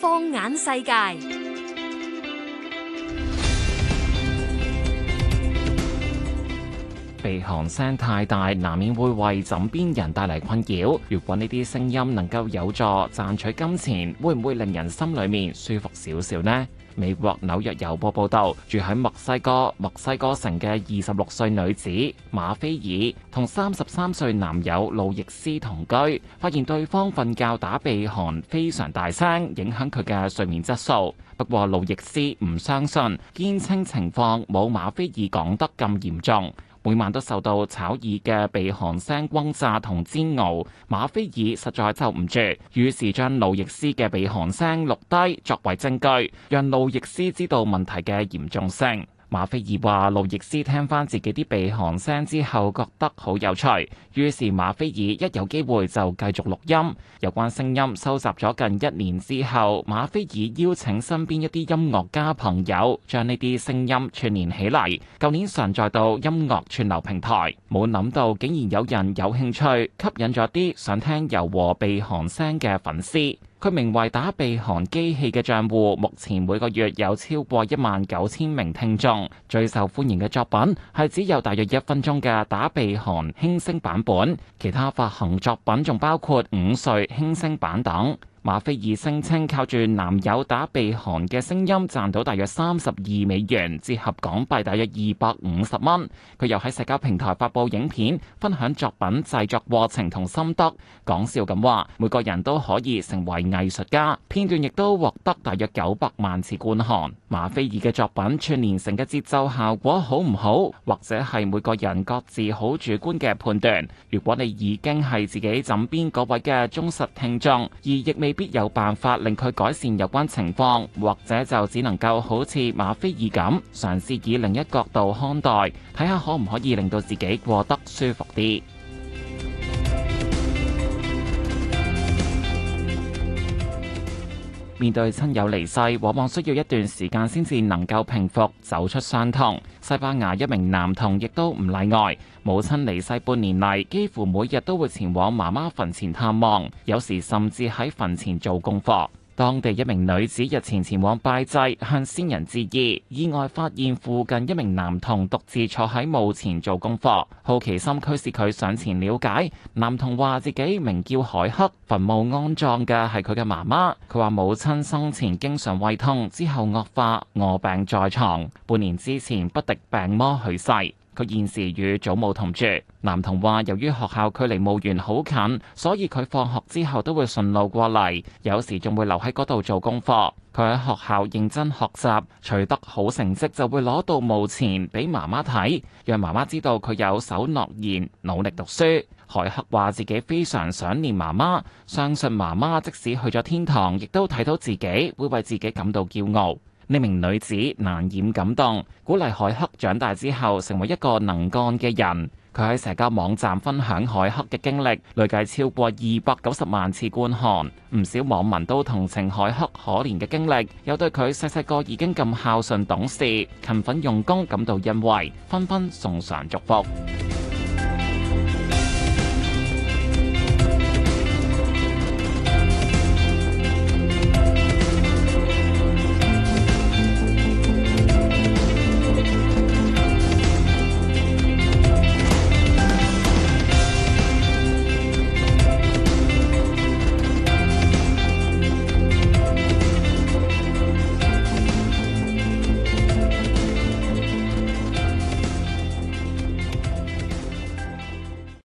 放眼世界，鼻鼾聲太大，難免會為枕邊人帶嚟困擾。如果呢啲聲音能夠有助賺取金錢，會唔會令人心裏面舒服少少呢？美國紐約郵報報道，住喺墨西哥墨西哥城嘅二十六歲女子馬菲爾同三十三歲男友路易斯同居，發現對方瞓覺打鼻鼾非常大聲，影響佢嘅睡眠質素。不過路易斯唔相信，堅稱情況冇馬菲爾講得咁嚴重。每晚都受到吵耳嘅鼻鼾聲轟炸同煎熬，馬菲爾實在受唔住，於是將路易斯嘅鼻鼾聲錄低作為證據，讓路易斯知道問題嘅嚴重性。馬菲爾話：路易斯聽翻自己啲鼻鼾聲之後，覺得好有趣，於是馬菲爾一有機會就繼續錄音。有關聲音收集咗近一年之後，馬菲爾邀請身邊一啲音樂家朋友，將呢啲聲音串聯起嚟。舊年上載到音樂串流平台，冇諗到竟然有人有興趣，吸引咗啲想聽柔和鼻鼾聲嘅粉絲。佢名為打鼻鼾機器嘅賬戶，目前每個月有超過一萬九千名聽眾，最受歡迎嘅作品係只有大約一分鐘嘅打鼻鼾輕聲版本，其他發行作品仲包括午睡輕聲版等。馬菲爾聲稱靠住男友打鼻鼾嘅聲音賺到大約三十二美元，折合港幣大約二百五十蚊。佢又喺社交平台發佈影片，分享作品製作過程同心得。講笑咁話，每個人都可以成為藝術家。片段亦都獲得大約九百萬次觀看。馬菲爾嘅作品串連成嘅節奏效果好唔好，或者係每個人各自好主觀嘅判斷。如果你已經係自己枕邊嗰位嘅忠實聽眾，而亦未。未必有辦法令佢改善有關情況，或者就只能夠好似馬非爾咁，嘗試以另一角度看待，睇下可唔可以令到自己過得舒服啲。面對親友離世，往往需要一段時間先至能夠平復，走出傷痛。西班牙一名男童亦都唔例外，母親離世半年嚟，幾乎每日都會前往媽媽墳前探望，有時甚至喺墳前做功課。當地一名女子日前前往拜祭，向先人致意，意外發現附近一名男童獨自坐喺墓前做功課。好奇心驅使佢上前了解，男童話自己名叫海克，墳墓安葬嘅係佢嘅媽媽。佢話母親生前經常胃痛，之後惡化，臥病在床，半年之前不敵病魔去世。佢現時與祖母同住。男童話：由於學校距離墓園好近，所以佢放學之後都會順路過嚟，有時仲會留喺嗰度做功課。佢喺學校認真學習，取得好成績就會攞到墓前俾媽媽睇，讓媽媽知道佢有守諾言，努力讀書。凱克話：自己非常想念媽媽，相信媽媽即使去咗天堂，亦都睇到自己，會為自己感到驕傲。呢名女子難掩感動，鼓勵海克長大之後成為一個能幹嘅人。佢喺社交網站分享海克嘅經歷，累計超過二百九十萬次觀看。唔少網民都同情海克可憐嘅經歷，又對佢細細個已經咁孝順懂事、勤奮用功感到欣慰，紛紛送上祝福。